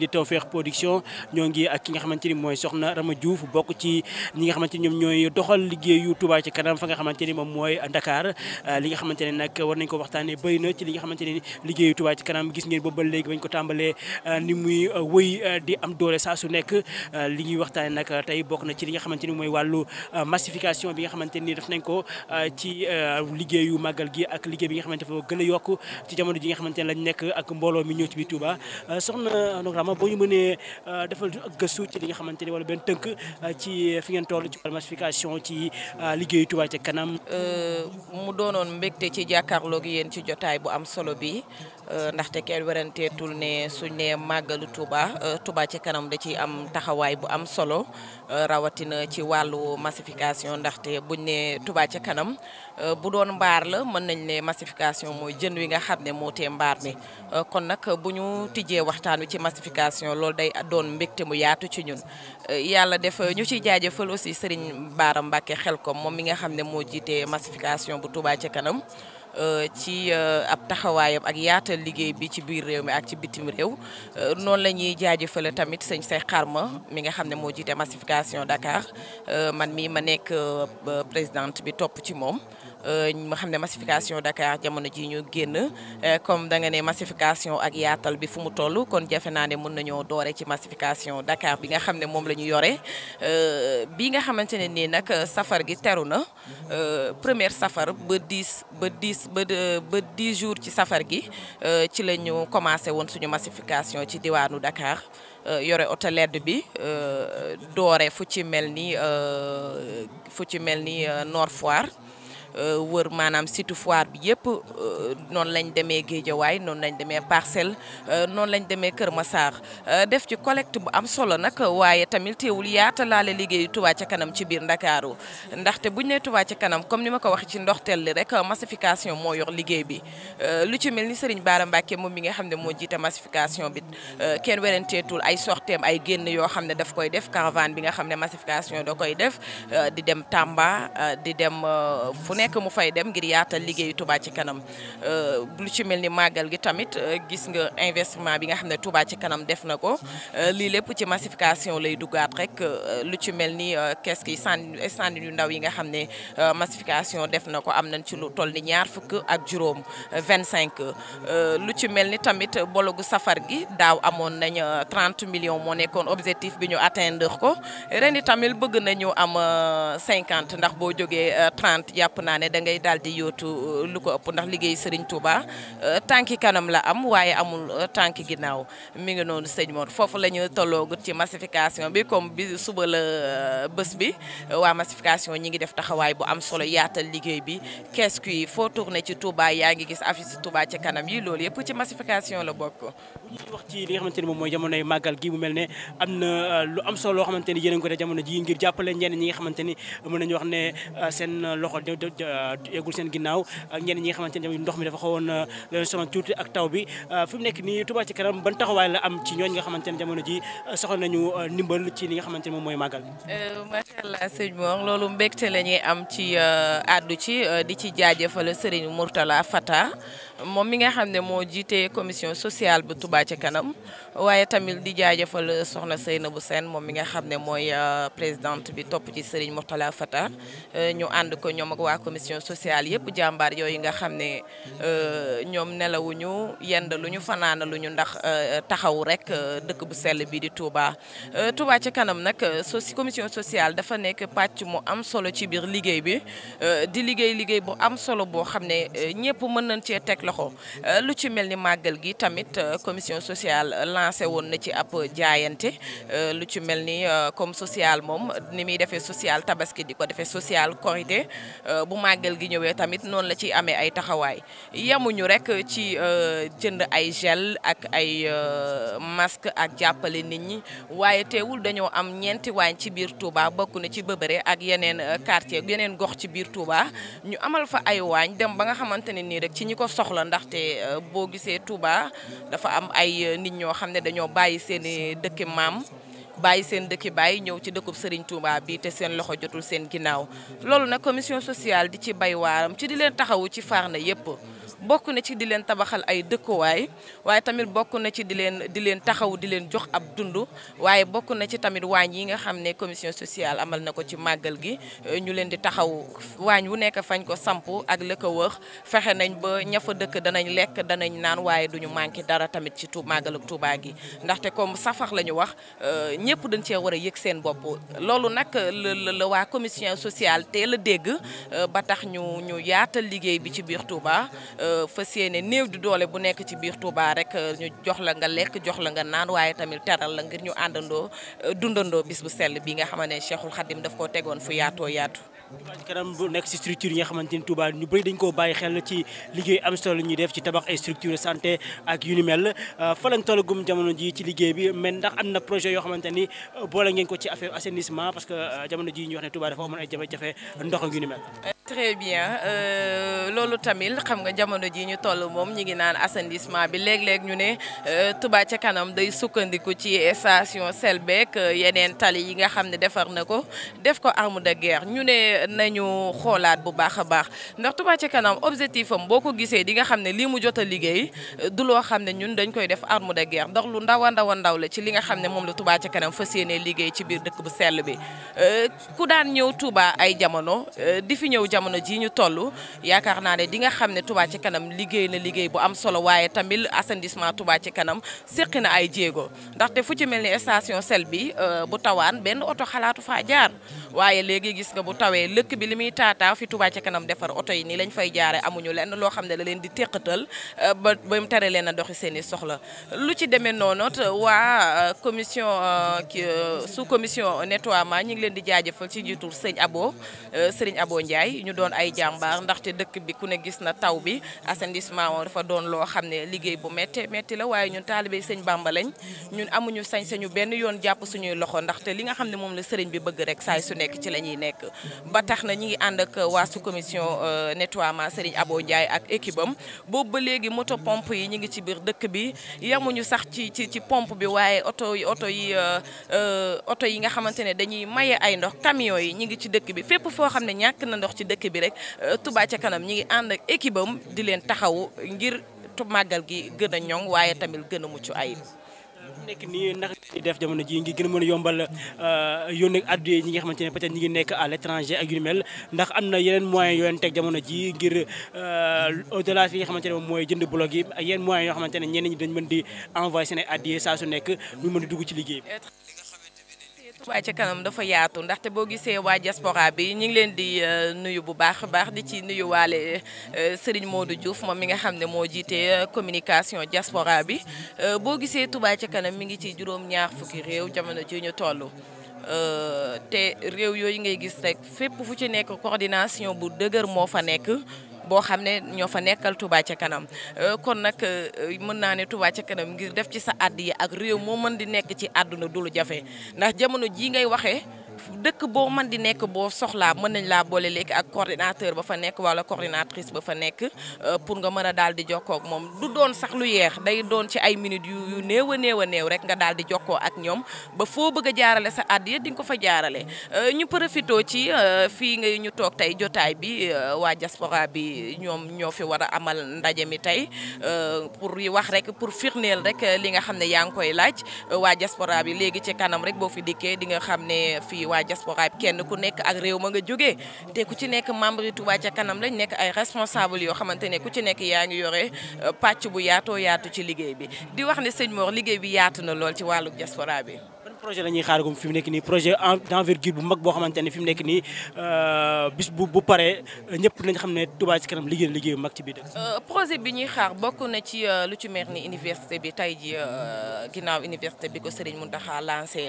di Tawfekh Production ñoo ngi ak ki nga xamante ni mooy soxna Rama Diouf bokk ci ñi nga xamante ni ñooy doxal liggéeyu Touba ci kanam fa nga xamante ni moom mooy ndakaar ah, li nga xamante ne nag war nañ ko waxtaanee bëri na ci li nga xamante ne liggéeyu Touba ci kanam gis ngeen booba léegi bañ ko tàmbalee ah, ni muy ah, wëy di am doole saa su nekk li ñuy waxtaanee nag tey bokk na ci li nga xamante ni mooy wàllu massification bi nga xamante ni def nañ ko ci liggéeyu màggal gi ak liggéey bi nga xamante dafa gën a yokk ci jamono ji nga xamante ne lañ nekk ak mbooloo mi ñëw ci biir Touba Adama boo ñu mënee euh, defal ak gëstu ci li nga xamante ni wala benn tënk euh, ci fi ngeen toll ci massification ci euh, liggéeyu Touba ca kanam. mu doonoon mbégte ci jàkkaarloog yéen ci jotaay bu am solo bi Euh, ndaxte kenn weranteetul ne suñ ne màggalu Touba euh, Touba ci kanam da ciy am taxawaay bu am solo euh, rawatina ci wàllu massification ndaxte buñ ne Touba ci kanam bu doon mbaar la mën nañ ne massification mooy jën wi nga xam ne moo te mbaar mi kon nag bu ñu tijjee waxtaan wi ci massification loolu day doon mbégte mu yaatu ci ñun yàlla def ñu ciy jaajëfal aussi Serigne Bara Mbacke xel ko moom mi nga xam ne moo jiite massification bu Touba ca kanam Euh, ci euh, ab taxawaayam ak yaatal liggéey bi ci biir réew mi ak ci bitim réew euh, noonu la ñuy jaajëfale tamit sëñ Cheikh Kharma mi nga xam ne moo jiite massification Dakar man mii ma nekk présidente bi topp ci moom. Euh, ma xam ne massification Dakar jamono ji ñu génn euh, comme da nga ne massification ak yaatal bi fu mu toll kon jafe naa ne mën nañoo doore ci massification Dakar bi nga xam ne moom lañu ñu yore euh, bi nga xamante ne nii nag safar gi teru na première safar ba 10 ba 10 ba ba 10 jours ci safar gi ci la ñu commencé woon suñu massification ci diwaanu Dakar yore oto ledd bi doore fu ci mel ni fu ci mel ni Nord Foire Euh, wër maanaam site foire bi yëpp euh, noonu lañ demee Géejawaay noonu lañ demee Parcelles euh, noonu lañ demee Kër Massar def ci collecte bu am solo nag waaye tamit teewul yaata laale liggéeyu Touba ca kanam ci biir Ndakaaru ndaxte bu ñu ne Touba ca kanam comme ni ma ko wax ci ndoxteel li rek massification moo yor liggéey bi lu ci mel ni Serigne Bara Mbacké moom mi nga xam ne moo jiite massification bi kenn werenteetul ay sorteem ay génn yoo xam ne daf koy def caravane bi nga xam ne massification da koy def di dem Tamba di nekk mu fay dem ngir yaatal liggéeyu Touba ci kanam euh, lu ci mel ni màggal gi tamit euh, gis nga investissement bi nga xam ne Touba ci kanam def na ko euh, lii lépp ci massification lay dugaat rek lu ci mel ni kees gi stand yu ndaw yi nga xam ne massification def na ko am nañ ci lu toll ni ñaar fukk ak juróom 25 lu ci mel ni tamit bologu safar gi daaw amoon nañ trente millions moo nekkoon objectif bi ñu atteindre ko ren tamit bëgg nañu am cinquante ndax boo jógee 30 jàpp na naa ne da ngay daal di yóotu euh, lu ko ëpp ndax liggéey Serigne Touba euh, tànki kanam la am waaye amul euh, tànki ginnaaw mi ngi noonu sëñ Mor foofu la ñu tolloogut ci massification bi comme bi suba la bés bi waa massification ñi ngi def taxawaay bu am solo yaatal liggéey bi kees yi foo ne ci Touba yaa ngi gis affiche Touba ci kanam yi loolu yëpp ci massification la bokk. ñuy wax ci li nga xamante ni moom mooy jamonoy màggal gi mu mel na euh, lu am solo loo a ngi ko def jamono ji ngir jàppale ñenn ñi nga xamante ni mën nañu wax ne euh, seen loxo euh, yeggul seen ginnaaw ak ñenn ñi nga xamante ni ndox mi dafa xawoon leen soxla tuuti ak taw bi fi nekk nii Touba ci kanam ban taxawaay la am ci ñooñ nga xamante ni jamono ji soxla nañu ndimbal ci li nga xamante moom mooy màggal macha allah sëñ Mor loolu mbégte la ñuy am ci àddu ci di ci jaajëfal Serigne Mourtala Fata moom mi nga xam ne moo jiite commission sociale bu Touba ca kanam waaye tamit di jaajëfal soxna bu seen moom mi nga xam ne mooy euh, présidente bi topp ci Serigne Mourtala Fata euh, ñu ànd ko ñoom ak waa commission sociale yëpp jàmbaar yooyu nga xam ne euh, ñoom nelawuñu yend lu ñu fanaana lu ñu ndax taxawu rek dëkk bu sell bi di Touba. Touba ca kanam nag soci commission sociale dafa nekk pàcc mu am solo ci biir liggéey bi di liggéey liggéey bu am solo boo xam ne ñëpp loxo euh, lu ci mel ni màggal gi tamit euh, commission sociale euh, lancé woon na ci ab jaayante lu ci mel ni comme social moom ni muy defee sociale tabaski di ko defee sociale korité bu màggal gi ñëwee tamit noonu la ciy amee ay taxawaay yemuñu rek ci jënd ay gel ak ay masque ak jàppale nit ñi waaye teewul dañoo am ñeenti waañ ci biir Touba bokk na ci Bébéré ak yeneen quartier yeneen gox ci biir Touba ñu amal fa ay waañ dem ba nga xamante nii rek ci ñi ko soxla la ndaxte euh, boo gisee Touba dafa am ay euh, nit ñoo xam ne dañoo bàyyi seen i dëkki maam bàyyi seen dëkki bàyyi ñëw ci dëkkub Serigne Touba bi te seen loxo jotul seen ginnaaw loolu nag commission sociale di ci bay waaram ci di leen taxawu ci faar na yépp bokk na ci di leen tabaxal ay dëkkuwaay waaye tamit bokk na ci di leen di leen taxaw di leen jox ab dund waaye bokk na ci tamit waañ yi nga xam ne commission sociale amal na ko ci màggal gi euh, ñu leen di taxaw waañ wu nekk fañ ko samp ak la ko wër fexe nañ ba ña dëkk danañ lekk danañ naan waaye duñu manqué dara tamit ci tu màggal ak Tuubaa gi ndaxte comme safax la ñu wax euh, ñëpp dañ cee war a yëg seen bopp loolu nag la la waa commission sociale teel a dégg euh, ba tax ñu ñu yaatal liggéey bi ci biir Tuubaa fas yéene néew di doole bu nekk ci biir Touba rek euh, ñu jox la nga lekk jox la nga naan waaye tamit teral la ngir ñu àndandoo euh, dundandoo bis bu sell bi nga xamante ne Cheikhul Khadim daf koo tegoon fu yaatoo yaatu. Touba Ca Kanam yi nga xamante ni Touba ñu bëri dañ koo bàyyi xel ci liggéey am solo ñuy def ci tabax ay structure ak yu ni mel euh, fa lañ toll jamono ji ci liggéey bi mais ndax am na projet yoo xamante ni boole ngeen ko ci affaire assainissement parce que jamono ji ñu wax ne Touba dafa amoon ay jafe-jafe ndox ak yu ni mel. très bien euh, loolu tamit xam nga jamono ji ñu toll moom ñi ngi naan assainissement bi léeg-léeg ñu ne euh, Touba ca kanam day sukkandiku ci station Selbek euh, yeneen tali yi nga xam ne defar na ko def ko arme de guerre ñu ne nañu xoolaat bu baax a baax ndax Touba ca kanam objectif am boo ko gisee di nga xam ne lii mu jot a liggéey du loo xam ne ñun dañ koy def arme de guerre ndax lu ndaw a ndaw ndaw la ci li nga xam ne moom la Touba ca kanam fas yéenee liggéey ci biir dëkk bu sell bi jamono ji ñu toll yaakaar naa ne di nga xam ne Touba ci kanam liggéey na liggéey bu am solo waaye tamit assainissement Touba ci kanam séqi na ay jéego ndaxte fu ci mel ni station sel bi euh, bu tawaan benn oto xalaatu fa jaar waaye léegi gis nga bu tawee lëkk bi li muy taataa fi Touba ca kanam defar oto yi nii lañ fay jaare amuñu lenn loo xam ne da leen di teqatal euh, ba ba mu tere leen a doxi seen i soxla lu ci demee noonu waa euh, commission euh, su commission nettoiement ñi ngi leen di jaajëfal ci jiitu sëñ Abo sëriñ Abo Ndiaye ñu doon ay jàmbaar ndaxte dëkk bi ku ne gis na taw bi assainissement moom dafa doon loo xam ne liggéey bu métti métti la waaye ñun taalibe sëñ Bamba ñun amuñu sañ-sañu benn yoon jàpp suñuy loxo ndaxte li nga xam ne moom la sëriñ bi bëgg rek saay su nekk ci la ñuy nekk ba tax na ñi ngi ànd ak waa sous commission euh, nettoiement Serigne Abo Ndiaye ak équipe boobu ba léegi moto pompe yi ñi ngi ci biir dëkk bi yemuñu sax ci ci ci pompe bi waaye oto yi oto yi euh, euh, oto yi nga xamante ne dañuy maye ay ndox camion yi ñi ngi ci dëkk bi fépp foo xam ne ñàkk na ndox ci dëkk bi rek Touba ca kanam ñi ngi ànd ak équipe di leen taxawu ngir màggal gi gën a ñoŋ waaye tamit gën a mucc ayib nekk nii ndax def jamono ji ngi gën a mën a yombal euh, yónni ñi nga xamante ne peut-être ñi ngi nekk à l'étranger ak yu ndax am na yeneen moyens yoo leen teg jamono ji ngir euh, au delà fi nga xamante ne moom mooy jënd blog yi ak yeneen moyens yoo xamante ne ñeneen ñi dañ mën di envoyer seen ay addiye saa su nekk ñu mën di dugg ci liggéey waaye ca kanam dafa yaatu ndaxte boo gisee waa jaspora bi ñu ngi leen di euh, nuyu bu baax baax di ci nuyu waale euh, Serigne Modou Diouf moom mi nga xam ne moo jiite euh, communication jaspora bi boo gisee Touba ca kanam mi ngi ci juróom-ñaar fukki réew jamono ji ñu toll. te réew yooyu ngay gis rek fépp fu ci nekk coordination bu dëgër moo fa nekk. boo xam ne ñoo fa nekkal Touba ca kanam euh, kon nag euh, mën naa ne Touba ca kanam ngir def ci sa àdd yi ak réew moo mën di nekk ci àdduna du jafe ndax jamono jii ngay waxee dëkk boo mën di nekk boo soxlaa mën nañ laa boole léegi ak coordinateur ba fa nekk wala coordinatrice ba fa nekk euh, pour nga mën a daal di jokkoo moom du doon sax lu yeex day doon ci ay minutes yu yu néew a néew néew rek nga daal di jokkoo ak ñoom ba foo bëgg a jaarale sa àddiya di nga ko fa jaarale euh, ñu profité ci euh, fii nga ñu toog tey jotaay bi waa diaspora bi ñoom ñoo fi war a amal ndaje mi tey pour wax rek pour firndeel rek li nga xam ne yaa ngi koy laaj waa diaspora bi léegi ci kanam rek boo fi dikkee di nga xam ne fii waa diaspora bi kenn ku nekk ak réew ma nga jógee te ku ci nekk membre yi Touba ca kanam lañ nekk ay responsable yoo xamante ne ku ci nekk yaa ngi yore euh, pàcc bu yaatoo yaatu ci liggéey bi di wax ne sëñ Mor liggéey bi yaatu na lool ci wàllu diaspora bi projet la ñuy xaaragum fi mu nekk nii projet d'envergure bu mag boo xamante ne fi mu nekk nii euh, bu bu paree nañ xam ne Touba ci kanam liggéey liggéey bu mag ci biir dëkk. Euh, projet bi ñuy xaar bokk na ci euh, lu ci mel ni université bi tey ji ginaaw université bi ko Serigne Mountakha lancé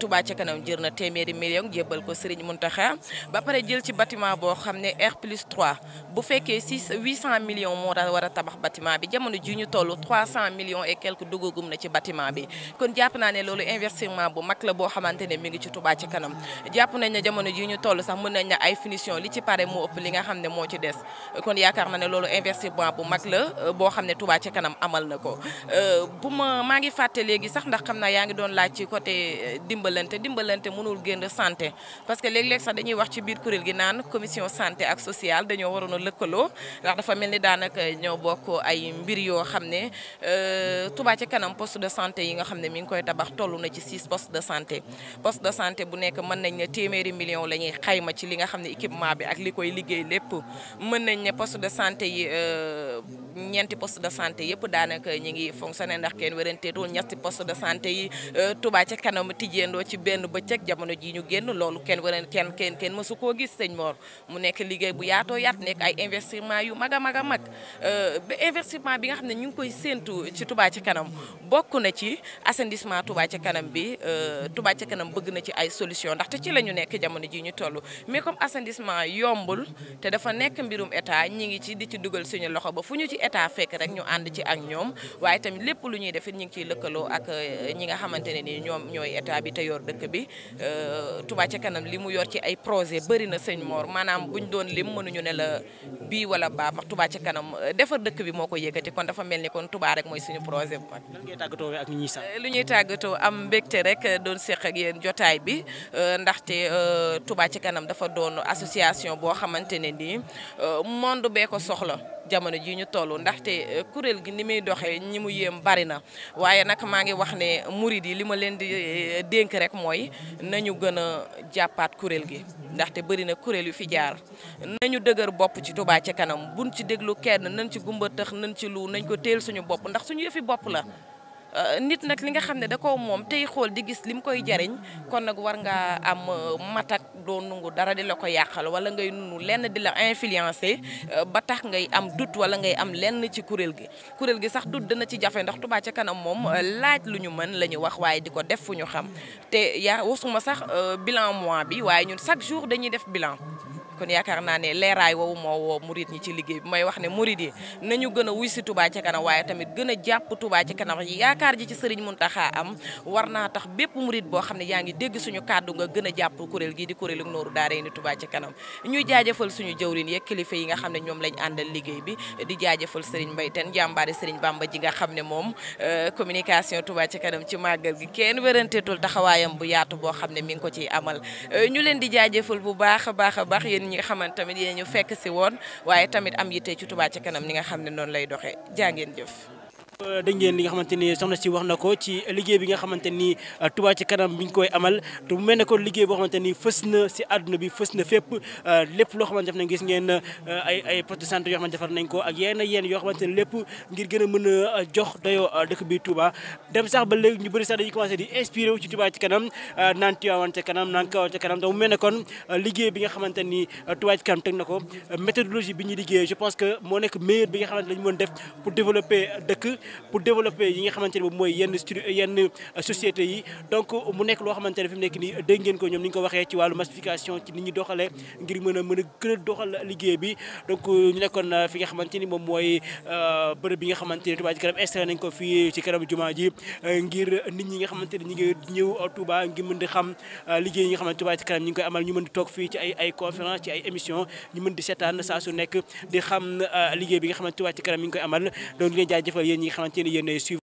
Touba ci kanam jër na téeméeri million jébbal ko Serigne Mountakha ba pare jël ci bâtiment boo xam ne R plus 3 bu fekkee 6 800 millions moo tax war a tabax bâtiment bi jamono ji ñu toll 300 millions et quelque duggagum na ci bâtiment bi événement bu mag la boo xamante ne mi ngi ci Touba ci kanam jàpp nañ ne jamono ji ñu toll sax mën nañ ne ay finition li ci pare moo ëpp li nga xam ne moo ci des kon yaakaar na ne loolu investissement bu mag la euh, boo xam ne Touba ci kanam amal euh, ma maa ngi fàtte léegi sax ndax xam naa yaa ci côté euh, dimbalante dimbalante gi naan commission santé ak sociale dañoo a lëkkaloo ndax dafa mel ni daanaka ñoo bokk ay mbir yoo xam ne Touba ci kanam poste de santé yi nga xam ne mi ngi koy tabax toll na ci six poste de santé poste de santé bu nekk mën nañ ne téeméeri million la ñuy xayma ci li nga xam ne équipement bi ak li koy liggéey lépp mën nañ ne poste de santé yi euh, ñeenti poste de santé yëpp daanaka ñi ngi fonctionné ndax kenn wéranteetul ñetti poste de santé yi euh, ca kanam tijjeendoo ci benn bëccëg jamono ji ñu génn loolu kenn wéran kenn kenn kenn mësu koo gis sëñ Mor mu nekk liggéey bu yaatoo ay investissement yu mag a mag a mag euh, ba investissement bi nga xam ne ñu ngi koy séentu ci Touba ci kanam bokk na ci assainissement Touba ci kanam bi Euh, Touba ca kanam bëgg na ci ay solution ndaxte ci la ñu nekk jamono ji ñu toll mais comme assainissement yombul te dafa nekk mbirum état ñi ngi ci di ci dugal suñu loxo ba fu ñu ci état fekk rek ñu ànd ci ak ñoom waaye tamit lépp lu ñuy defit ñu ngi ciy lëkkaloo ak euh, ñi nga xamante ne ni ñoom ñooy état bi te yor dëkk bi euh, Touba ca kanam li mu yor ci ay projet bëri na sëñ Mor maanaam buñ doon lim mënuñu ne la bi wala baa wax Touba ca kanam defar dëkk bi moo ko yëkkati kon dafa mel ni kon Touba mooy suñu projet rek doon seq ak yéen jotaay bi euh, ndaxte euh, Touba ci kanam dafa doon association boo xamante ne nii euh, monde bee ko soxla jamono ji ñu toll ndaxte kuréel gi ni muy doxee ñi mu yéem bari na waaye nag maa ngi wax ne murid yi li ma leen di dénk rek mooy nañu gën a jàppaat kuréel gi ndaxte bëri na kuréel yu fi jaar nañu dëgër bopp ci Touba ci kanam buñ ci déglu kenn nañ ci gumba nañ ci lu nañ ko teel suñu bopp ndax suñu yëfi bopp la Euh, nit nag li nga xam ne da koo moom tey xool di gis lim koy jariñ kon nag war ngaa am euh, matak doo nungu dara di la ko yàqal wala ngay nunu lenn di la influencer euh, ba tax ngay am dut wala ngay am lenn ci kuréel gi kuréel gi sax dut dana ci jafe ndax Touba ca kanam moom laaj lu ñu mën la ñu wax waaye di ko def fu ñu xam te yaa wasuma sax bilan mois bi waaye ñun chaque jour dañuy def bilan kon yaakaar naa ne leeraay woowu moo woo murid ñi ci liggéey bi may wax ne murid yi nañu gën a wuy si Touba ci kanam waaye tamit gën a jàpp Touba ci kanam yaakaar ji ci Serigne Mountakha am war naa tax bépp murid boo xam ne yaa ngi dégg suñu kàddu nga gën a jàpp kuréel gii di kuréelu nooru daaree ni Touba ci kanam ñuy jaajëfal suñu jëwrin yeeg kilifa yi nga xam ne ñoom lañ àndal liggéey bi di jaajëfal Serigne Mbaye Tène jàmbaari Serigne Bamba ji nga xam ne moom euh, communication Touba ci kanam ci màggal gi kenn wéranteetul taxawaayam bu yaatu boo xam ne mi ngi ko ciy amal euh, ñi nga xamante tamit yéen ñu fekk si woon waaye tamit am yitte ci tubaat ci kanam ñi nga xam ne noonu lay doxee jàngeen ngeen jëf dégg ngeen li nga xamante ni soxna si wax na ko ci liggéey bi nga xamante ni euh, Touba ci kanam bi ñu koy amal te mu mel ne ko liggéey boo xamante ni fës na si àdduna bi fës na fépp euh, lépp loo xamante def nañ gis ngeen euh, ay ay poste de santé yoo xamante defar nañ ko ak yenn yenn yoo xamante ne lépp ngir gën a mën a jox dayoo dëkk bi Touba dem sax ba léegi ñu bëri sax dañuy commencé di inspiré wu ci Touba ci kanam naan Tiwaawan ca kanam naan Kaw ca kanam donc mu mel ne kon liggéey bi nga xamante ni Touba ci kanam teg na ko méthodologie bi ñuy liggéey je pense que moo nekk meilleur bi nga xamante lañu mën def pour développer dëkk pour développer yi nga xamante ne boobu mooy yenn stru yenn euh, société yi donc loo xamante ne fi mu nekk nii ngeen ko ñoom ni ñu ko waxee ci wàllu massification ci nit ñi doxalee ngir mën a mën a gën a doxal liggéey bi donc euh, ñu nekkoon euh, fi nga xamante ni moom mooy bërëb bi nga xamante ni Touba ci kanam installé nañ ko fii ci kanam jumaa ji ngir nit ñi nga xamante ni ñi ngi ñëw Touba ngir mën di xam liggéey yi nga xamante Touba koy amal ñu mën di toog fii ci ay ay conférence ci ay émission ñu mën di seetaan saa su nekk di xam liggéey bi nga xamante Touba ci kanam ñi ngi koy amal donc leen jaajëfal yéen ñi xamante ni yéen suivre